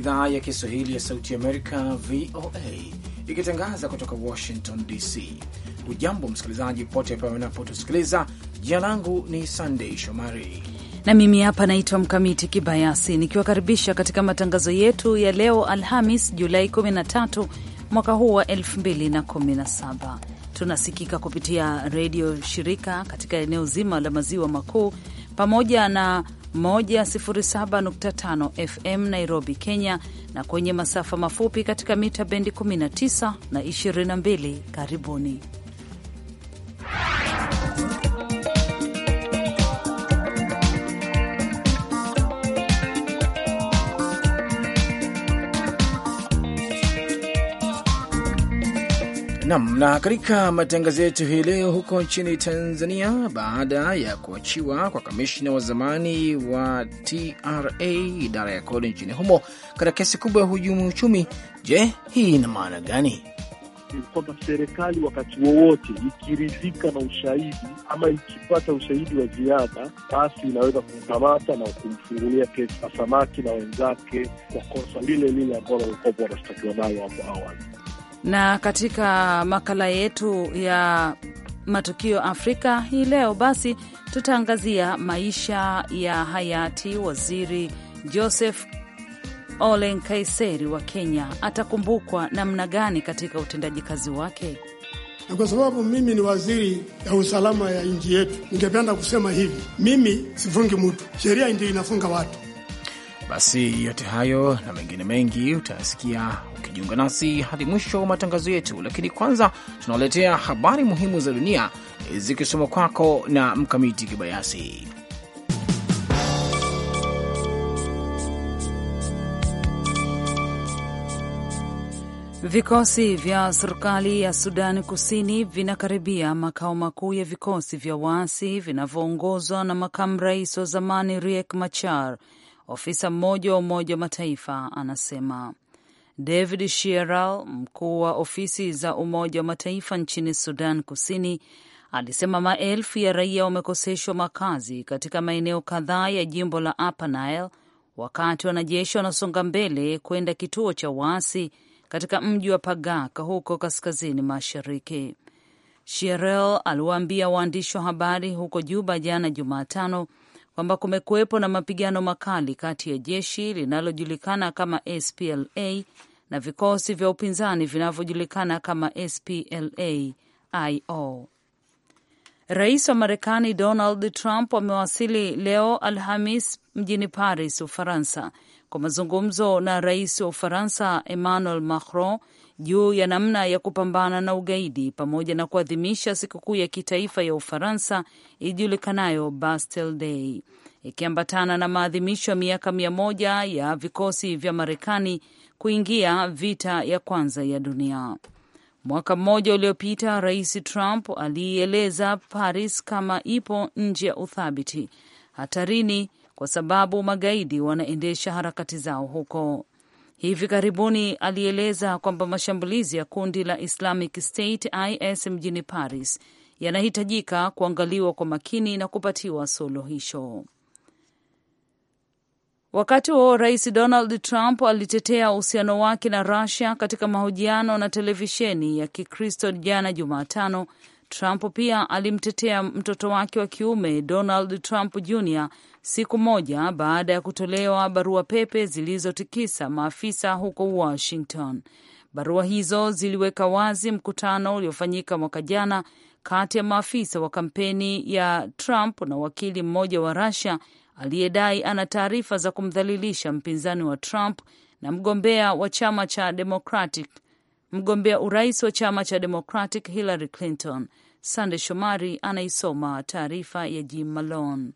idhaa ya Kiswahili ya Sauti Amerika, VOA, ikitangaza kutoka Washington DC. Ujambo msikilizaji pote pale unapotusikiliza. Jina langu ni Sandei Shomari na mimi hapa naitwa Mkamiti Kibayasi, nikiwakaribisha katika matangazo yetu ya leo Alhamis Julai 13 mwaka huu wa 2017. Tunasikika kupitia redio shirika katika eneo zima la maziwa makuu pamoja na 107.5 FM Nairobi, Kenya, na kwenye masafa mafupi katika mita bendi 19 na 22. Karibuni. Nam na katika matangazo yetu hii leo, huko nchini Tanzania, baada ya kuachiwa kwa kamishna wa zamani wa TRA, idara ya kodi nchini humo, katika kesi kubwa ya hujumu uchumi, je, hii ina maana gani? Kwamba serikali wakati wowote ikiridhika na ushahidi ama ikipata ushahidi wa ziada, basi inaweza kumkamata na kumfungulia kesi Asamaki na wenzake kwa kosa lile lile ambalo walikuwa wanashtakiwa nayo hapo awali na katika makala yetu ya matukio Afrika hii leo, basi tutaangazia maisha ya hayati waziri Joseph Ole Nkaiseri wa Kenya. Atakumbukwa namna gani katika utendaji kazi wake? Na kwa sababu mimi ni waziri ya usalama ya nchi yetu, ningependa kusema hivi, mimi sifungi mtu, sheria ndio inafunga watu. Basi yote hayo na mengine mengi utayasikia ukijiunga nasi hadi mwisho wa matangazo yetu. Lakini kwanza tunawaletea habari muhimu za dunia zikisoma kwako na Mkamiti Kibayasi. Vikosi vya serikali ya Sudani Kusini vinakaribia makao makuu ya vikosi vya waasi vinavyoongozwa na makamu rais wa zamani Riek Machar, ofisa mmoja wa Umoja wa Mataifa anasema. David Shieral, mkuu wa ofisi za Umoja wa Mataifa nchini Sudan Kusini, alisema maelfu ya raia wamekoseshwa makazi katika maeneo kadhaa ya jimbo la Upper Nile wakati wanajeshi wanasonga mbele kwenda kituo cha waasi katika mji wa Pagak huko kaskazini mashariki. Shierel aliwaambia waandishi wa habari huko Juba jana Jumatano kwamba kumekuwepo na mapigano makali kati ya jeshi linalojulikana kama SPLA na vikosi vya upinzani vinavyojulikana kama SPLA-IO. Rais wa Marekani Donald Trump amewasili leo Alhamis mjini Paris, Ufaransa, kwa mazungumzo na rais wa Ufaransa Emmanuel Macron juu ya namna ya kupambana na ugaidi pamoja na kuadhimisha sikukuu ya kitaifa ya Ufaransa ijulikanayo Bastille Day, ikiambatana na maadhimisho ya miaka mia moja ya vikosi vya Marekani kuingia vita ya kwanza ya dunia. Mwaka mmoja uliopita, Rais Trump aliieleza Paris kama ipo nje ya uthabiti, hatarini, kwa sababu magaidi wanaendesha harakati zao huko. Hivi karibuni alieleza kwamba mashambulizi ya kundi la Islamic State IS mjini Paris yanahitajika kuangaliwa kwa makini na kupatiwa suluhisho. Wakati huo Rais Donald Trump alitetea uhusiano wake na rasia katika mahojiano na televisheni ya Kikristo jana Jumatano. Trump pia alimtetea mtoto wake wa kiume Donald Trump Jr siku moja baada ya kutolewa barua pepe zilizotikisa maafisa huko Washington. Barua hizo ziliweka wazi mkutano uliofanyika mwaka jana kati ya maafisa wa kampeni ya Trump na wakili mmoja wa rusia aliyedai ana taarifa za kumdhalilisha mpinzani wa Trump na mgombea wa chama cha Democratic, mgombea urais wa chama cha Democratic Hillary Clinton. Sande Shomari anaisoma taarifa ya Jim Malone.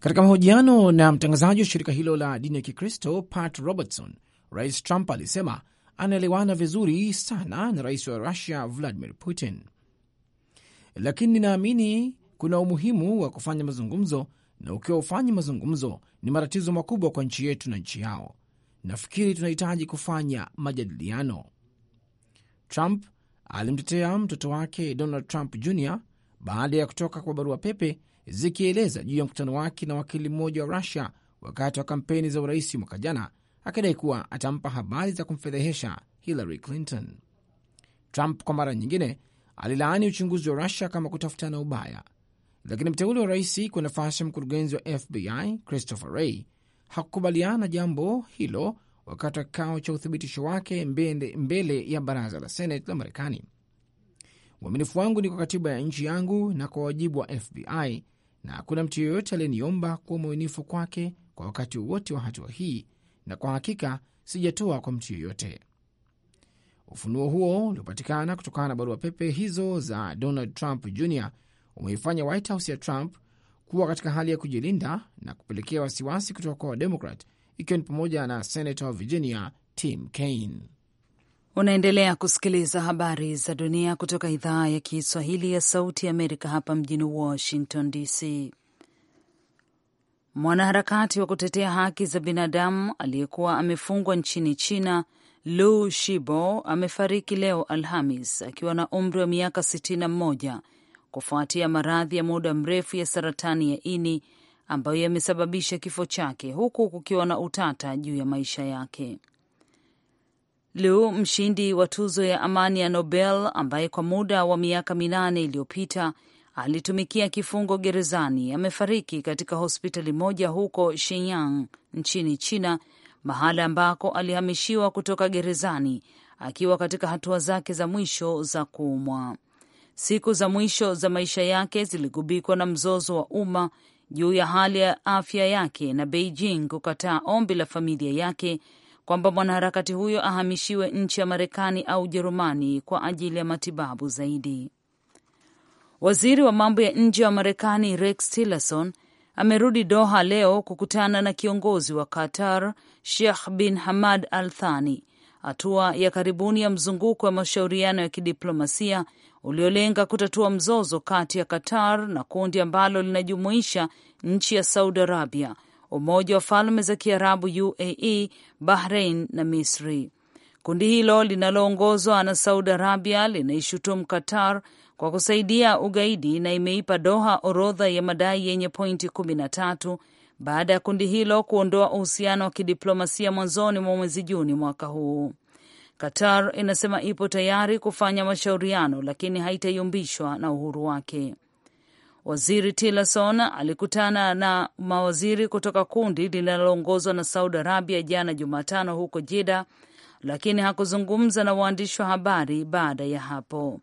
Katika mahojiano na mtangazaji wa shirika hilo la dini ya Kikristo Pat Robertson, Rais Trump alisema anaelewana vizuri sana na rais wa Rusia Vladimir Putin, lakini ninaamini kuna umuhimu wa kufanya mazungumzo na ukiwa hufanyi mazungumzo, ni matatizo makubwa kwa nchi yetu na nchi yao. Nafikiri tunahitaji kufanya majadiliano. Trump alimtetea mtoto wake Donald Trump Jr baada ya kutoka kwa barua pepe zikieleza juu ya mkutano wake na wakili mmoja wa Rusia wakati wa kampeni za urais mwaka jana, akidai kuwa atampa habari za kumfedhehesha Hillary Clinton. Trump kwa mara nyingine alilaani uchunguzi wa Rusia kama kutafutana ubaya lakini mteule wa rais kwa nafasi ya mkurugenzi wa FBI Christopher rey hakukubaliana jambo hilo wakati wa kikao cha uthibitisho wake mbele, mbele ya baraza la Senate la Marekani. Uaminifu wangu ni kwa katiba ya nchi yangu na kwa wajibu wa FBI, na hakuna mtu yoyote aliyeniomba kuwa mwaminifu kwake kwa wakati wowote wa hatua hii, na kwa hakika sijatoa kwa mtu yoyote Ufunuo huo uliopatikana kutokana na barua pepe hizo za Donald Trump Jr umeifanya White House ya Trump kuwa katika hali ya kujilinda na kupelekea wasiwasi kutoka kwa Wademokrat, ikiwa ni pamoja na senata wa Virginia Tim Kaine. Unaendelea kusikiliza habari za dunia kutoka idhaa ya Kiswahili ya Sauti Amerika hapa mjini Washington DC. Mwanaharakati wa kutetea haki za binadamu aliyekuwa amefungwa nchini China Lu Shibo amefariki leo Alhamis akiwa na umri wa miaka 61 kufuatia maradhi ya muda mrefu ya saratani ya ini ambayo yamesababisha kifo chake huku kukiwa na utata juu ya maisha yake. Liu, mshindi wa tuzo ya amani ya Nobel, ambaye kwa muda wa miaka minane iliyopita alitumikia kifungo gerezani, amefariki katika hospitali moja huko Shenyang nchini China, mahala ambako alihamishiwa kutoka gerezani akiwa katika hatua zake za mwisho za kuumwa. Siku za mwisho za maisha yake ziligubikwa na mzozo wa umma juu ya hali ya afya yake na Beijing kukataa ombi la familia yake kwamba mwanaharakati huyo ahamishiwe nchi ya Marekani au Ujerumani kwa ajili ya matibabu zaidi. Waziri wa mambo ya nje wa Marekani Rex Tillerson amerudi Doha leo kukutana na kiongozi wa Qatar Sheikh bin Hamad Al Thani, hatua ya karibuni ya mzunguko wa mashauriano ya kidiplomasia uliolenga kutatua mzozo kati ya Qatar na kundi ambalo linajumuisha nchi ya Saudi Arabia, Umoja wa Falme za Kiarabu UAE, Bahrain na Misri. Kundi hilo linaloongozwa na Saudi Arabia linaishutumu Qatar kwa kusaidia ugaidi na imeipa Doha orodha ya madai yenye pointi kumi na tatu baada ya kundi hilo kuondoa uhusiano wa kidiplomasia mwanzoni mwa mwezi Juni mwaka huu. Qatar inasema ipo tayari kufanya mashauriano lakini haitayumbishwa na uhuru wake. Waziri Tillerson alikutana na mawaziri kutoka kundi linaloongozwa na Saudi Arabia jana Jumatano huko Jida, lakini hakuzungumza na waandishi wa habari baada ya hapo.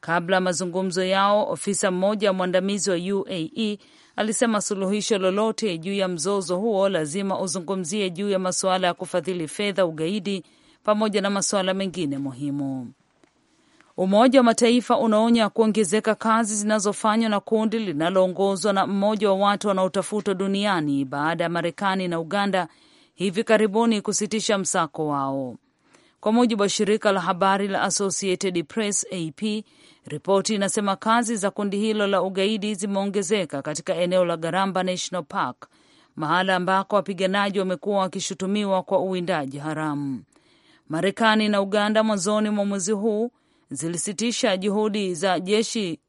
Kabla ya mazungumzo yao, ofisa mmoja ya mwandamizi wa UAE alisema suluhisho lolote juu ya mzozo huo lazima uzungumzie juu ya masuala ya kufadhili fedha, ugaidi pamoja na masuala mengine muhimu. Umoja wa Mataifa unaonya kuongezeka kazi zinazofanywa na kundi linaloongozwa na mmoja wa watu wanaotafutwa duniani baada ya Marekani na Uganda hivi karibuni kusitisha msako wao. Kwa mujibu wa shirika la habari la Associated Press AP, ripoti inasema kazi za kundi hilo la ugaidi zimeongezeka katika eneo la Garamba National Park, mahala ambako wapiganaji wamekuwa wakishutumiwa kwa uwindaji haramu. Marekani na Uganda mwanzoni mwa mwezi huu zilisitisha juhudi za jeshi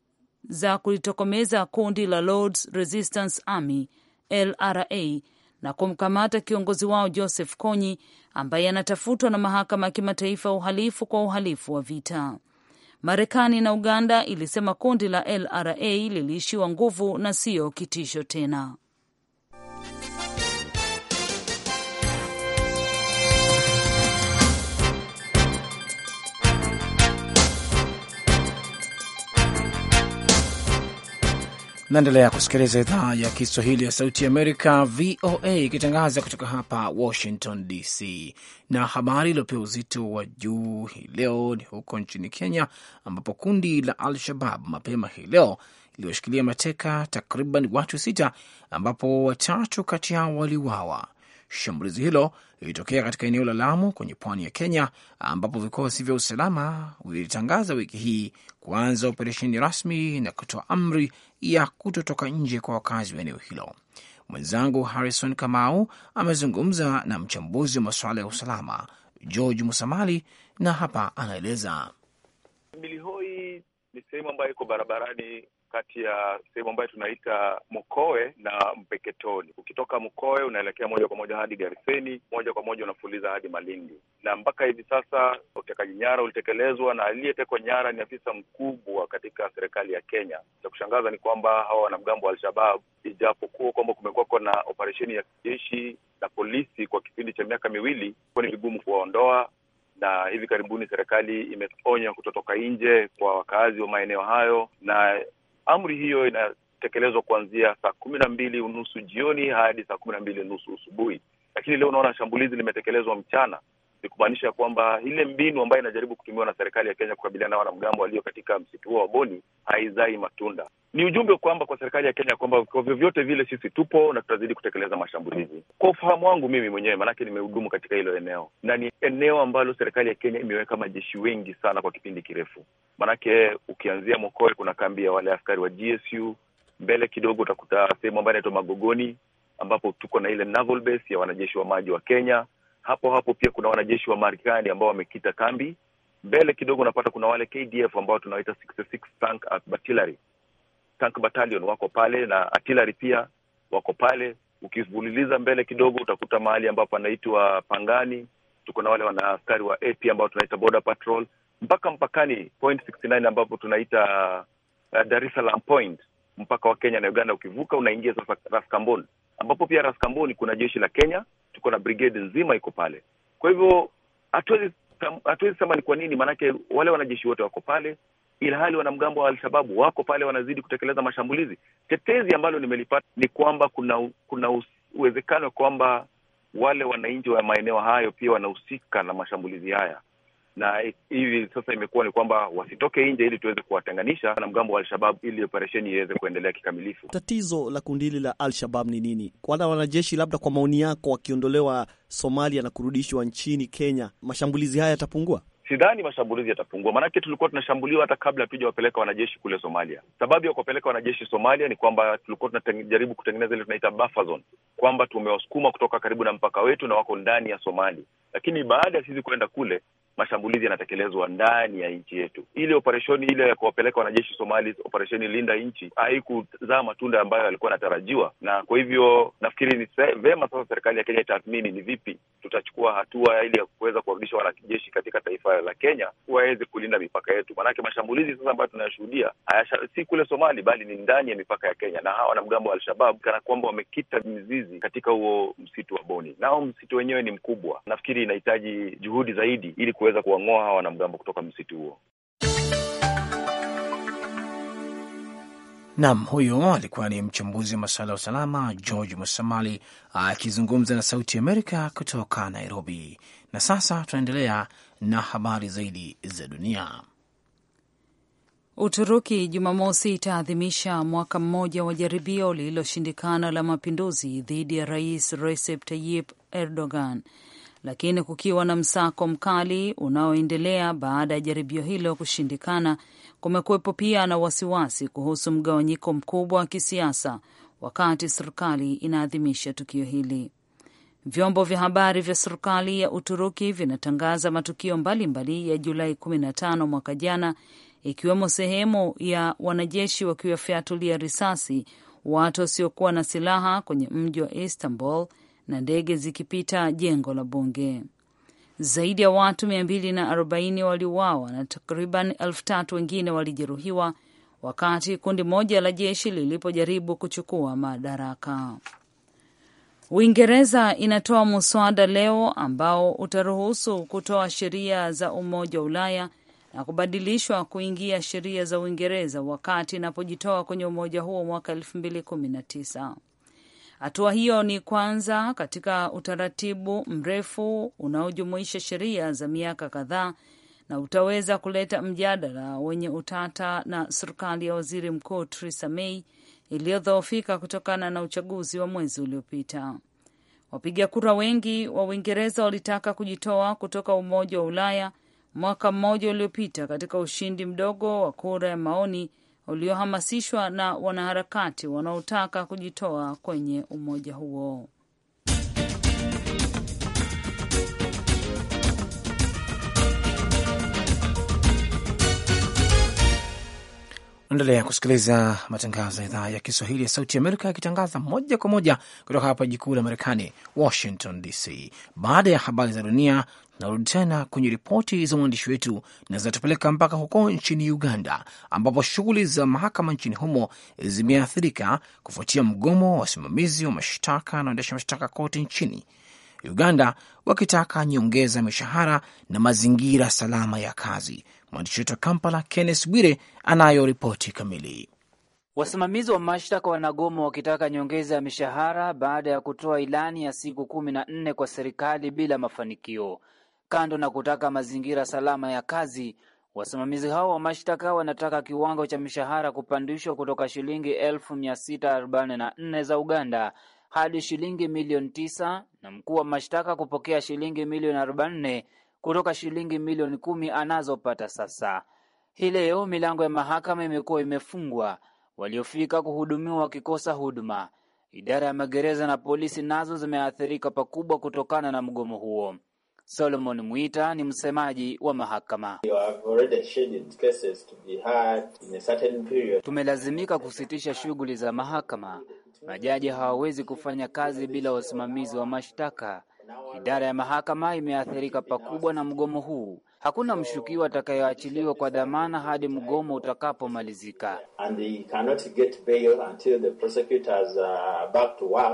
za kulitokomeza kundi la Lords Resistance Army LRA na kumkamata kiongozi wao Joseph Kony ambaye anatafutwa na mahakama ya kimataifa ya uhalifu kwa uhalifu wa vita. Marekani na Uganda ilisema kundi la LRA liliishiwa nguvu na siyo kitisho tena. Naendelea kusikiliza idhaa ya Kiswahili ya Sauti ya Amerika, VOA, ikitangaza kutoka hapa Washington DC. Na habari iliyopewa uzito wa juu hii leo ni huko nchini Kenya, ambapo kundi la Al-Shabab mapema hii leo iliyoshikilia mateka takriban watu sita, ambapo watatu kati yao waliuawa. Shambulizi hilo lilitokea katika eneo la Lamu kwenye pwani ya Kenya, ambapo vikosi vya usalama vilitangaza wiki hii kuanza operesheni rasmi na kutoa amri ya kutotoka nje kwa wakazi wa eneo hilo. Mwenzangu Harrison Kamau amezungumza na mchambuzi wa masuala ya usalama George Musamali, na hapa anaeleza ni sehemu ambayo iko barabarani kati ya sehemu ambayo tunaita Mkoe na Mpeketoni. Ukitoka Mkoe unaelekea moja kwa moja hadi Gariseni, moja kwa moja unafuliza hadi Malindi. Na mpaka hivi sasa utekaji nyara ulitekelezwa, na aliyetekwa nyara ni afisa mkubwa katika serikali ya Kenya. Cha kushangaza ni kwamba hawa wanamgambo wa Al-Shabab, ijapokuwa kwamba kumekuwako na operesheni ya kijeshi na polisi kwa kipindi cha miaka miwili, kuwa ni vigumu kuwaondoa na hivi karibuni serikali imeonya kutotoka nje kwa wakazi wa maeneo hayo, na amri hiyo inatekelezwa kuanzia saa kumi na mbili unusu jioni hadi saa kumi na mbili unusu asubuhi. Lakini leo unaona shambulizi limetekelezwa mchana, ni kumaanisha kwamba ile mbinu ambayo inajaribu kutumiwa na serikali ya Kenya kukabiliana na wanamgambo walio katika msitu huo wa Boni haizai matunda. Ni ujumbe kwamba kwa serikali ya Kenya kwamba kwa vyovyote vile sisi tupo na tutazidi kutekeleza mashambulizi. Kwa ufahamu wangu mimi mwenyewe, maanake nimehudumu katika hilo eneo, na ni eneo ambalo serikali ya Kenya imeweka majeshi wengi sana kwa kipindi kirefu, maanake ukianzia Mokoe kuna kambi ya wale askari wa GSU, mbele kidogo utakuta sehemu ambayo inaitwa Magogoni ambapo tuko na ile naval base ya wanajeshi wa maji wa Kenya hapo hapo pia kuna wanajeshi wa Marekani ambao wamekita kambi mbele kidogo, unapata kuna wale KDF ambao tunawaita 66 tank uh, artillery tank battalion wako pale na artillery pia wako pale. Ukivuliliza mbele kidogo, utakuta mahali ambapo anaitwa Pangani, tuko na wale wanaaskari wa AP ambao tunaita border patrol mpaka mpakani point 69 ambapo tunaita uh, Dar es Salaam point mpaka wa Kenya na Uganda. Ukivuka unaingia sasa Raskamboni ambapo pia Kamboni kuna jeshi la Kenya, tuko na brigade nzima iko pale. Kwa hivyo hatuwezi sema ni kwa nini, maanake wale wanajeshi wote wako pale, ila hali wanamgambo wa Alshababu wako pale, wanazidi kutekeleza mashambulizi. Tetezi ambalo nimelipata ni kwamba kuna kuna uwezekano kwamba wale wananchi wa maeneo hayo pia wanahusika na mashambulizi haya na hivi sasa imekuwa ni kwamba wasitoke nje ili tuweze kuwatenganisha na mgambo wa alshabab ili operesheni iweze kuendelea kikamilifu. Tatizo la kundi hili la Al-Shabab ni nini? Kwana wanajeshi, labda kwa maoni yako, wakiondolewa Somalia na kurudishwa nchini Kenya, mashambulizi haya yatapungua? Sidhani mashambulizi yatapungua, maanake tulikuwa tunashambuliwa hata kabla hatujawapeleka wapeleka wanajeshi kule Somalia. Sababu ya kuwapeleka wanajeshi Somalia ni kwamba tulikuwa tunajaribu kutengeneza ile tunaita buffer zone, kwamba tumewasukuma kutoka karibu na mpaka wetu na wako ndani ya Somali, lakini baada ya sisi kuenda kule mashambulizi yanatekelezwa ndani ya nchi yetu. Ile operesheni ile ya kuwapeleka wanajeshi Somali, operesheni linda nchi, haikuzaa matunda ambayo yalikuwa yanatarajiwa, na kwa hivyo nafikiri ni vema sasa serikali ya Kenya itathmini ni vipi tutachukua hatua ili ya kuweza kuwarudisha wanajeshi katika taifa la Kenya waweze kulinda mipaka yetu, maanake mashambulizi sasa ambayo tunayashuhudia si kule Somali, bali ni ndani ya mipaka ya Kenya, na hawa wanamgambo wa Alshabab kana kwamba wamekita mizizi katika huo msitu wa Boni, nao msitu wenyewe ni mkubwa. Nafikiri inahitaji juhudi zaidi ili kuweza kuwang'oa hawa wanamgambo kutoka msitu huo. Nam huyo alikuwa ni mchambuzi wa masuala ya usalama George Musamali akizungumza na Sauti Amerika kutoka Nairobi. Na sasa tunaendelea na habari zaidi za dunia. Uturuki Jumamosi itaadhimisha mwaka mmoja wa jaribio lililoshindikana la mapinduzi dhidi ya rais Recep Tayyip Erdogan lakini kukiwa na msako mkali unaoendelea baada ya jaribio hilo kushindikana, kumekuwepo pia na wasiwasi kuhusu mgawanyiko mkubwa wa kisiasa wakati serikali inaadhimisha tukio hili. Vyombo vya habari vya serikali ya Uturuki vinatangaza matukio mbalimbali mbali ya Julai 15 mwaka jana, ikiwemo sehemu ya wanajeshi wakiwafyatulia risasi watu wasiokuwa na silaha kwenye mji wa Istanbul na ndege zikipita jengo la bunge. Zaidi ya watu 240 waliuawa na takriban elfu tatu wengine walijeruhiwa wakati kundi moja la jeshi lilipojaribu kuchukua madaraka. Uingereza inatoa muswada leo ambao utaruhusu kutoa sheria za Umoja wa Ulaya na kubadilishwa kuingia sheria za Uingereza wakati inapojitoa kwenye umoja huo mwaka 2019. Hatua hiyo ni kwanza katika utaratibu mrefu unaojumuisha sheria za miaka kadhaa na utaweza kuleta mjadala wenye utata na serikali ya waziri mkuu Theresa May iliyodhoofika kutokana na uchaguzi wa mwezi uliopita. Wapiga kura wengi wa Uingereza walitaka kujitoa kutoka Umoja wa Ulaya mwaka mmoja uliopita katika ushindi mdogo wa kura ya maoni uliohamasishwa na wanaharakati wanaotaka kujitoa kwenye umoja huo. Endelea kusikiliza matangazo ya idhaa ya Kiswahili ya Sauti Amerika yakitangaza moja kwa moja kutoka hapa jiji kuu la Marekani, Washington DC. Baada ya habari za dunia, tunarudi tena kwenye ripoti za mwandishi wetu na zinatupeleka mpaka huko nchini Uganda, ambapo shughuli za mahakama nchini humo zimeathirika kufuatia mgomo wa wasimamizi wa mashtaka na waendesha mashtaka kote nchini Uganda, wakitaka nyongeza mishahara na mazingira salama ya kazi. Mwandishi wetu wa Kampala, Kenneth Bwire, anayo ripoti kamili. Wasimamizi wa mashtaka wanagoma wakitaka nyongeza ya mishahara baada ya kutoa ilani ya siku kumi na nne kwa serikali bila mafanikio. Kando na kutaka mazingira salama ya kazi, wasimamizi hao wa mashtaka wanataka kiwango cha mishahara kupandishwa kutoka shilingi elfu mia sita arobaini na nne za Uganda hadi shilingi milioni tisa na mkuu wa mashtaka kupokea shilingi milioni arobaini kutoka shilingi milioni kumi anazopata sasa. Hii leo milango ya mahakama imekuwa imefungwa, waliofika kuhudumiwa wakikosa huduma. Idara ya magereza na polisi nazo zimeathirika pakubwa kutokana na mgomo huo. Solomon Mwita ni msemaji wa mahakama. Tumelazimika kusitisha shughuli za mahakama. Majaji hawawezi kufanya kazi bila wasimamizi wa mashtaka. Idara ya mahakama imeathirika pakubwa na mgomo huu. Hakuna mshukiwa atakayeachiliwa kwa dhamana hadi mgomo utakapomalizika.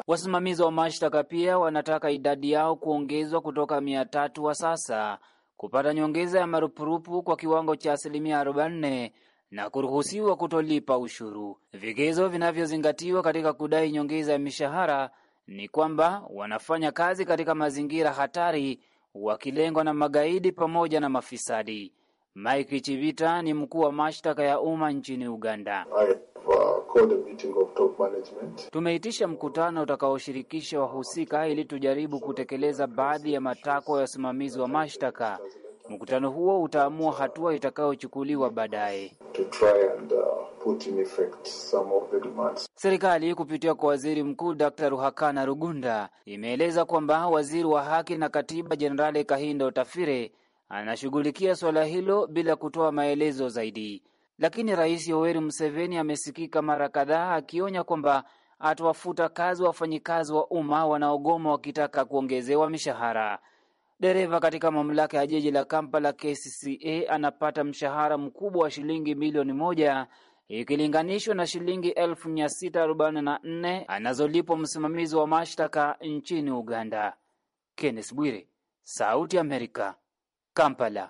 Wasimamizi wa mashtaka pia wanataka idadi yao kuongezwa kutoka mia tatu wa sasa kupata nyongeza ya marupurupu kwa kiwango cha asilimia 40 na kuruhusiwa kutolipa ushuru. Vigezo vinavyozingatiwa katika kudai nyongeza ya mishahara ni kwamba wanafanya kazi katika mazingira hatari wakilengwa na magaidi pamoja na mafisadi. Mike Chivita ni mkuu wa mashtaka ya umma nchini Uganda. Uh, Tumeitisha mkutano utakaoshirikisha wahusika ili tujaribu kutekeleza baadhi ya matakwa ya usimamizi wa mashtaka Mkutano huo utaamua hatua itakayochukuliwa baadaye. Uh, Serikali kupitia kwa waziri mkuu Dr. Ruhakana Rugunda imeeleza kwamba waziri wa haki na katiba Jenerali Kahindo Tafire anashughulikia suala hilo bila kutoa maelezo zaidi. Lakini Rais Yoweri Museveni amesikika mara kadhaa akionya kwamba atawafuta kazi wafanyikazi wa umma wanaogoma wakitaka kuongezewa mishahara. Dereva katika mamlaka ya jiji la Kampala KCCA anapata mshahara mkubwa wa shilingi milioni moja ikilinganishwa na shilingi 644 anazolipwa msimamizi wa mashtaka nchini Uganda. Kenneth Bwire, Sauti ya Amerika, Kampala.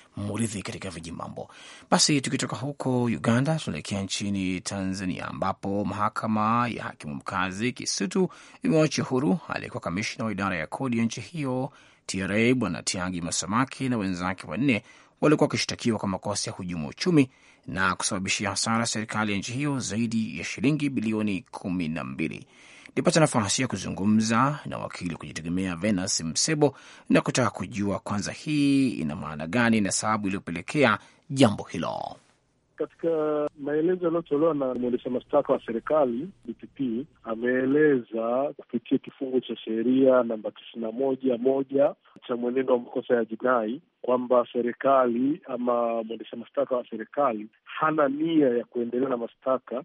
Muridhi katika vijimambo. Basi tukitoka huko Uganda tunaelekea nchini Tanzania, ambapo mahakama ya hakimu mkazi Kisutu imewachia huru aliyekuwa kamishna wa idara ya kodi ya nchi hiyo TRA Bwana Tiangi Masamaki na wenzake wanne waliokuwa wakishtakiwa kwa makosa ya hujumu uchumi na kusababishia hasara serikali ya nchi hiyo zaidi ya shilingi bilioni kumi na mbili nilipata nafasi ya kuzungumza na wakili kujitegemea Venus Msebo na kutaka kujua kwanza hii ina maana gani na sababu iliyopelekea jambo hilo. Katika maelezo yaliyotolewa na mwendesha mashtaka wa serikali DPP ameeleza kupitia kifungu cha sheria namba tisini na moja moja cha mwenendo wa makosa ya jinai kwamba serikali ama mwendesha mashtaka wa serikali hana nia ya kuendelea na mashtaka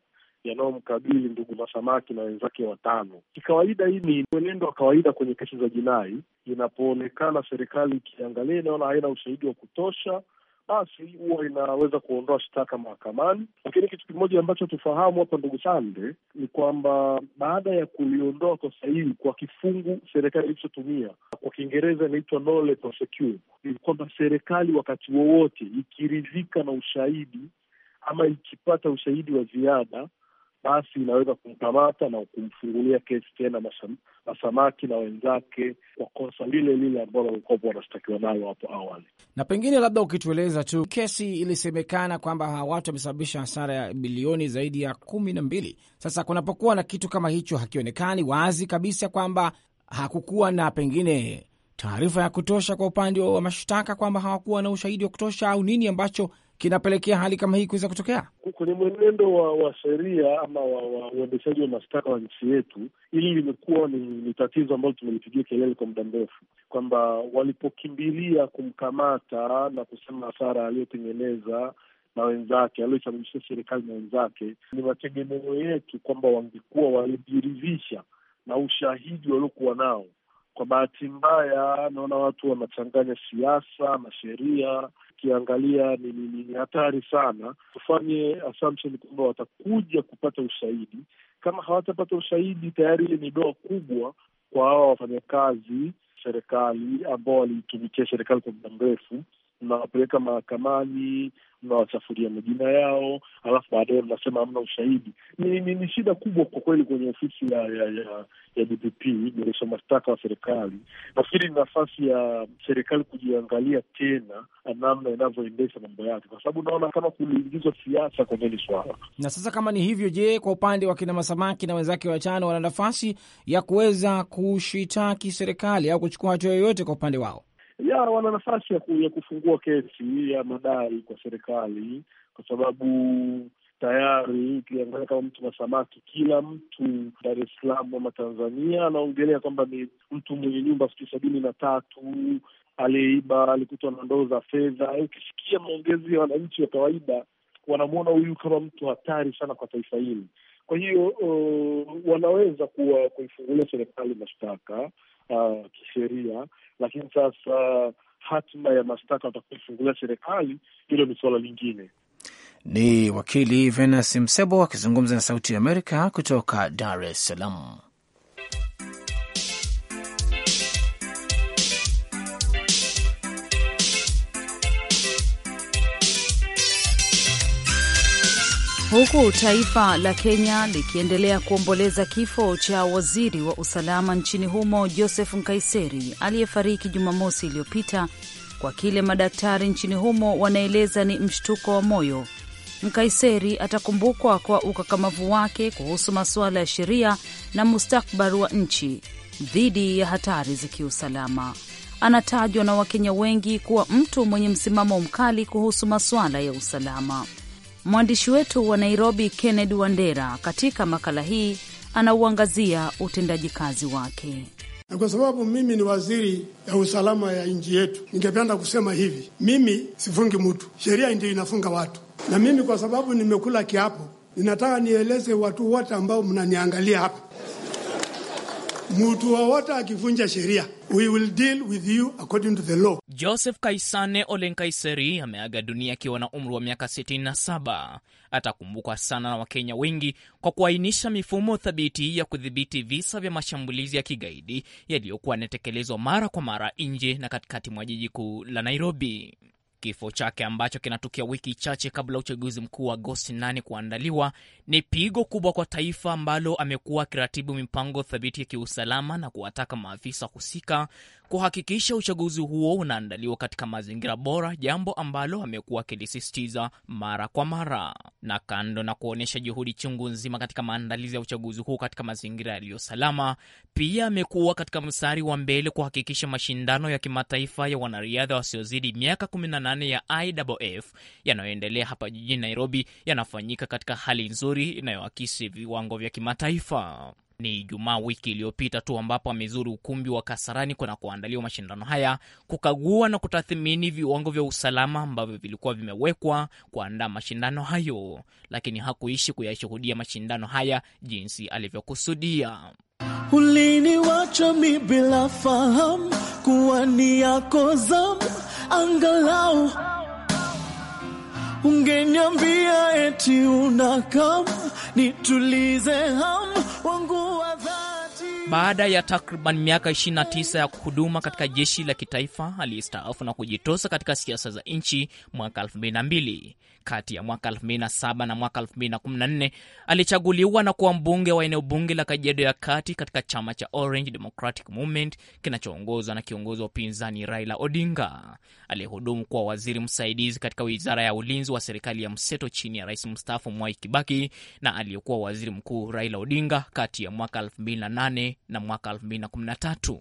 yanayomkabili ndugu Masamaki na wenzake watano. Kikawaida, hii ni mwenendo wa kawaida kwenye kesi za jinai. Inapoonekana serikali ikiangalia, inaona haina ushahidi wa kutosha basi huwa inaweza kuondoa shtaka mahakamani. Lakini kitu kimoja ambacho tufahamu hapa, ndugu Sande, ni kwamba baada ya kuliondoa kosa hili kwa kifungu serikali ilichotumia kwa Kiingereza inaitwa nolle prosequi, ni kwamba serikali wakati wowote ikiridhika na ushahidi ama ikipata ushahidi wa ziada basi inaweza kumkamata na kumfungulia kesi tena Masamaki na wenzake kwa kosa lile lile ambalo walikuwapo wanashtakiwa nalo hapo awali. Na pengine labda ukitueleza tu, kesi ilisemekana kwamba hawa watu wamesababisha hasara ya bilioni zaidi ya kumi na mbili. Sasa kunapokuwa na kitu kama hicho hakionekani wazi kabisa kwamba hakukuwa na pengine taarifa ya kutosha kwa upande wa mashtaka kwamba hawakuwa na ushahidi wa kutosha au nini ambacho kinapelekea hali kama hii kuweza kutokea kwenye mwenendo wa, wa sheria ama wa uendeshaji wa, wa mashtaka wa nchi yetu. Hili limekuwa ni, ni tatizo ambalo tumelipigia kelele kwa muda mrefu, kwamba walipokimbilia kumkamata na kusema hasara aliyotengeneza na wenzake aliyosababisha serikali na wenzake, ni mategemeo yetu kwamba wangekuwa walijiridhisha na ushahidi waliokuwa nao kwa bahati mbaya, naona watu wanachanganya siasa na sheria. Ukiangalia ni, ni, ni hatari sana. Tufanye assumption kwamba watakuja kupata ushahidi. Kama hawatapata ushahidi, tayari ile ni doa kubwa kwa hawa wafanyakazi serikali ambao waliitumikia serikali kwa muda mrefu mnawapeleka mahakamani, mnawachafuria majina yao, alafu baadaye mnasema hamna ushahidi. Ni, ni, ni shida kubwa kwa kweli kwenye ofisi ya ya ya, ya DPP, mwendesha mashtaka wa serikali. Nafikiri ni nafasi ya serikali kujiangalia tena namna inavyoendesha mambo yake, kwa sababu naona kama kuliingizwa siasa kwenye hili swala. Na sasa kama ni hivyo, je, kwa upande wa kina Masamaki na wenzake wachano wana nafasi ya kuweza kushitaki serikali au kuchukua hatua yoyote kwa upande wao? ya wana nafasi ya, ku, ya kufungua kesi ya madai kwa serikali, kwa sababu tayari ukiangalia kama mtu wa samaki, kila mtu Dar es Salaam ama Tanzania anaongelea kwamba ni mtu mwenye nyumba sijui sabini na tatu aliyeiba, alikutwa na ndoo za fedha. Ukisikia maongezi ya wananchi wa kawaida, wanamwona huyu kama mtu hatari sana kwa taifa hili. Kwa hiyo uh, wanaweza kuwa kuifungulia serikali mashtaka uh, kisheria, lakini sasa hatima ya mashtaka watakaoifungulia serikali, hilo ni suala lingine. Ni wakili Venus Msebo akizungumza na Sauti ya Amerika kutoka Dar es Salaam. Huku taifa la Kenya likiendelea kuomboleza kifo cha waziri wa usalama nchini humo Joseph Nkaiseri aliyefariki Jumamosi iliyopita kwa kile madaktari nchini humo wanaeleza ni mshtuko wa moyo. Nkaiseri atakumbukwa kwa ukakamavu wake kuhusu masuala ya sheria na mustakabali wa nchi dhidi ya hatari za kiusalama. Anatajwa na Wakenya wengi kuwa mtu mwenye msimamo mkali kuhusu masuala ya usalama. Mwandishi wetu wa Nairobi, Kennedy Wandera, katika makala hii anauangazia utendaji kazi wake. Na kwa sababu mimi ni waziri ya usalama ya nchi yetu, ningependa kusema hivi, mimi sifungi mtu, sheria ndio inafunga watu. Na mimi kwa sababu nimekula kiapo, ninataka nieleze watu wote ambao mnaniangalia hapa Mtu wowote akivunja sheria, we will deal with you according to the law. Joseph Kaisane Olen Kaiseri ameaga dunia akiwa na umri wa miaka 67. Atakumbukwa sana na Wakenya wengi kwa kuainisha mifumo thabiti ya kudhibiti visa vya mashambulizi ya kigaidi yaliyokuwa yanatekelezwa mara kwa mara nje na katikati mwa jiji kuu la Nairobi. Kifo chake ambacho kinatukia wiki chache kabla uchaguzi mkuu wa Agosti 8 kuandaliwa ni pigo kubwa kwa taifa ambalo amekuwa akiratibu mipango thabiti ya kiusalama na kuwataka maafisa husika kuhakikisha uchaguzi huo unaandaliwa katika mazingira bora, jambo ambalo amekuwa akilisisitiza mara kwa mara. Na kando na kuonyesha juhudi chungu nzima katika maandalizi ya uchaguzi huo katika mazingira yaliyo salama, pia amekuwa katika mstari wa mbele kuhakikisha mashindano ya kimataifa ya wanariadha wasiozidi miaka 18 ya IAAF yanayoendelea hapa jijini Nairobi yanafanyika katika hali nzuri inayoakisi viwango vya kimataifa. Ni Ijumaa wiki iliyopita tu ambapo amezuru ukumbi wa Kasarani kuna kuandaliwa mashindano haya kukagua na kutathmini viwango vya usalama ambavyo vilikuwa vimewekwa kuandaa mashindano hayo, lakini hakuishi kuyashuhudia mashindano haya jinsi alivyokusudia. Uliniwacha mi bila fahamu kuwa ni yako zamu angalau ungeniambia eti una kama nitulize ham wangu wa dhati. Baada ya takriban miaka 29 ya kuhuduma katika jeshi la kitaifa aliyestaafu na kujitosa katika siasa za nchi mwaka 2002 kati ya mwaka 2007 na mwaka 2014 alichaguliwa na kuwa mbunge wa eneo bunge la Kajiado ya Kati katika chama cha Orange Democratic Movement kinachoongozwa na kiongozi wa upinzani Raila Odinga aliyehudumu kuwa waziri msaidizi katika wizara ya ulinzi wa serikali ya mseto chini ya rais mstaafu Mwai Kibaki na aliyekuwa waziri mkuu Raila Odinga kati ya mwaka 2008 na mwaka 2013.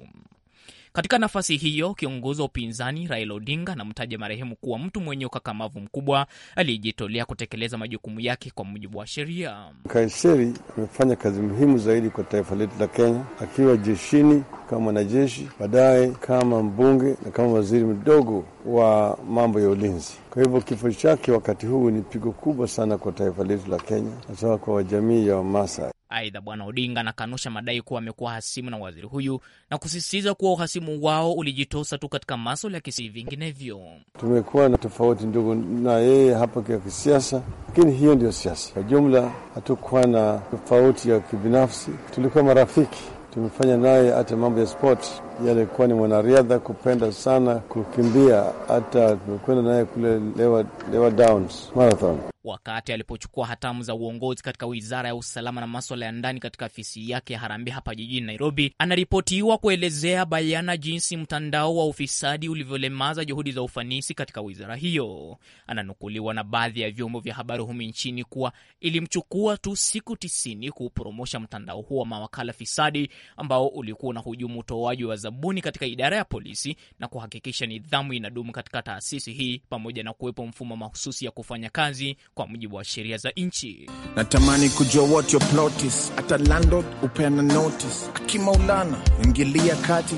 Katika nafasi hiyo, kiongozi wa upinzani Raila Odinga anamtaja marehemu kuwa mtu mwenye ukakamavu mkubwa aliyejitolea kutekeleza majukumu yake kwa mujibu wa sheria. Kaiseri amefanya kazi muhimu zaidi kwa taifa letu la Kenya, akiwa jeshini kama mwanajeshi, baadaye kama mbunge na kama waziri mdogo wa mambo ya ulinzi. Kwa hivyo kifo chake wakati huu ni pigo kubwa sana kwa taifa letu la Kenya, hasa kwa jamii ya Wamasai. Aidha, Bwana Odinga anakanusha madai kuwa amekuwa hasimu na waziri huyu na kusisitiza kuwa uhasimu wao ulijitosa tu katika maswala ya kisi, vinginevyo tumekuwa na tofauti ndogo na yeye hapa ya kisiasa, lakini hiyo ndiyo siasa kwa jumla. Hatukuwa na tofauti ya kibinafsi, tulikuwa marafiki tumefanya naye hata mambo ya sport yalikuwa ni mwanariadha kupenda sana kukimbia, hata tumekwenda naye kule Lewa, Lewa Downs Marathon wakati alipochukua hatamu za uongozi katika wizara ya usalama na maswala ya ndani katika afisi yake ya Harambee hapa jijini Nairobi. Anaripotiwa kuelezea bayana jinsi mtandao wa ufisadi ulivyolemaza juhudi za ufanisi katika wizara hiyo. Ananukuliwa na baadhi ya vyombo vya habari humu nchini kuwa ilimchukua tu siku tisini kuupromosha mtandao huo wa mawakala fisadi ambao ulikuwa unahujumu utoaji wa zabuni katika idara ya polisi na kuhakikisha nidhamu inadumu katika taasisi hii pamoja na kuwepo mfumo mahususi ya kufanya kazi kwa mujibu wa sheria za nchi. Natamani kujua what your plot is, hata landlord upeana notice, akimaulana ingilia kati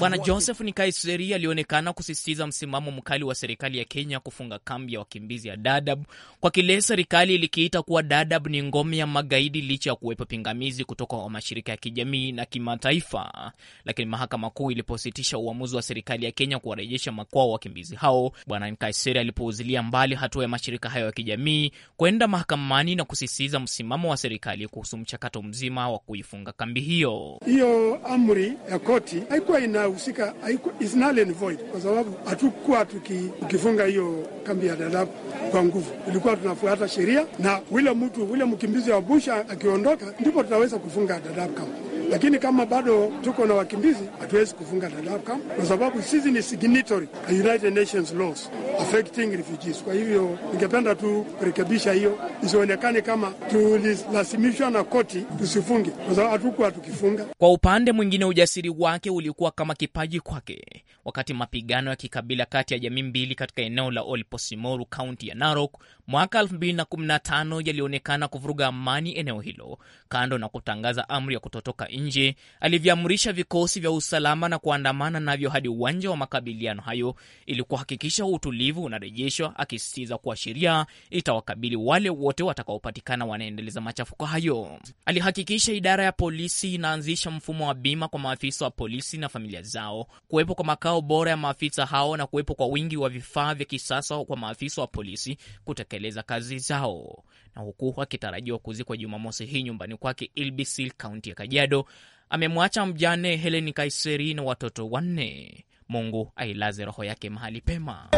Bwana Joseph Nkaiseri alionekana kusisitiza msimamo mkali wa serikali ya Kenya kufunga kambi ya wakimbizi ya Dadab kwa kile serikali ilikiita kuwa dadab ni ngome ya magaidi, licha ya kuwepo pingamizi kutoka kwa mashirika ya kijamii na kimataifa. Lakini mahakama kuu ilipositisha uamuzi wa serikali ya Kenya kuwarejesha makwao wakimbizi hao, Bwana Nkaiseri alipouzilia mbali hatua ya mashirika hayo ya kijamii kwenda mahakamani na kusisitiza msimamo wa serikali kuhusu mchakato mzima wa kuifunga kambi hiyo. Hiyo amri ya koti haikuwa inahusika, is null and void, kwa sababu hatukuwa tukifunga hiyo kambi ya Dadaab kwa nguvu, ilikuwa tunafuata sheria, na ule mtu ule mkimbizi wa Busha akiondoka, ndipo tutaweza kufunga Dadaab kama lakini kama bado tuko na wakimbizi, hatuwezi kufunga Dadaab camp kwa sababu sisi ni signatory United Nations laws affecting refugees. Kwa hivyo ningependa tu kurekebisha hiyo, isionekane kama tulilazimishwa na koti tusifunge, kwa sababu hatukuwa tukifunga. Kwa upande mwingine, ujasiri wake ulikuwa kama kipaji kwake. Wakati mapigano ya kikabila kati ya jamii mbili katika eneo la Olposimoru, kaunti ya Narok mwaka 2015 yalionekana kuvuruga amani eneo hilo, kando na kutangaza amri ya kutotoka nje alivyoamrisha vikosi vya usalama na kuandamana navyo hadi uwanja wa makabiliano hayo ili kuhakikisha utulivu unarejeshwa, akisisitiza kuwa sheria itawakabili wale wote watakaopatikana wanaendeleza machafuko hayo. Alihakikisha idara ya polisi inaanzisha mfumo wa bima kwa maafisa wa polisi na familia zao, kuwepo kwa makao bora ya maafisa hao na kuwepo kwa wingi wa vifaa vya kisasa kwa maafisa wa polisi kutekeleza kazi zao na huku akitarajiwa kuzikwa Jumamosi hii nyumbani kwake Ilbisil, kaunti ya Kajiado, amemwacha mjane Helen Kaiseri na watoto wanne. Mungu ailaze roho yake mahali pema.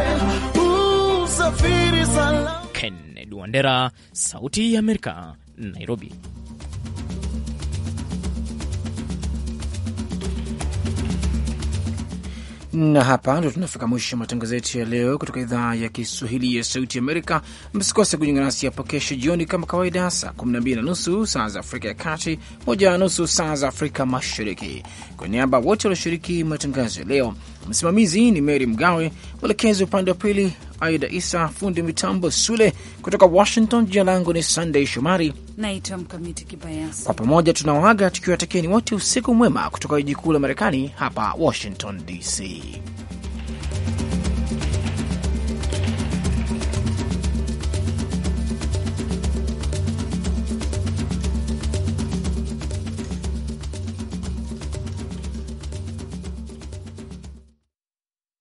Kennedy Wandera, Sauti ya Amerika, Nairobi. Na hapa ndo tunafika mwisho matangazo yetu ya leo kutoka idhaa ya Kiswahili ya Sauti Amerika. Msikose kujiunga nasi hapo kesho jioni kama kawaida, saa 12 na nusu saa za Afrika ya Kati, moja na nusu saa za Afrika Mashariki. Kwa niaba wote walioshiriki matangazo ya leo Msimamizi ni Mary Mgawe, mwelekezi upande wa pili Aida Isa, fundi mitambo Sule kutoka Washington. Jina langu ni sandey Shomari, naitwa Mkamiti Kibayasi. Kwa pamoja tunawaaga tukiwatakieni wote usiku mwema kutoka jiji kuu la Marekani, hapa Washington DC.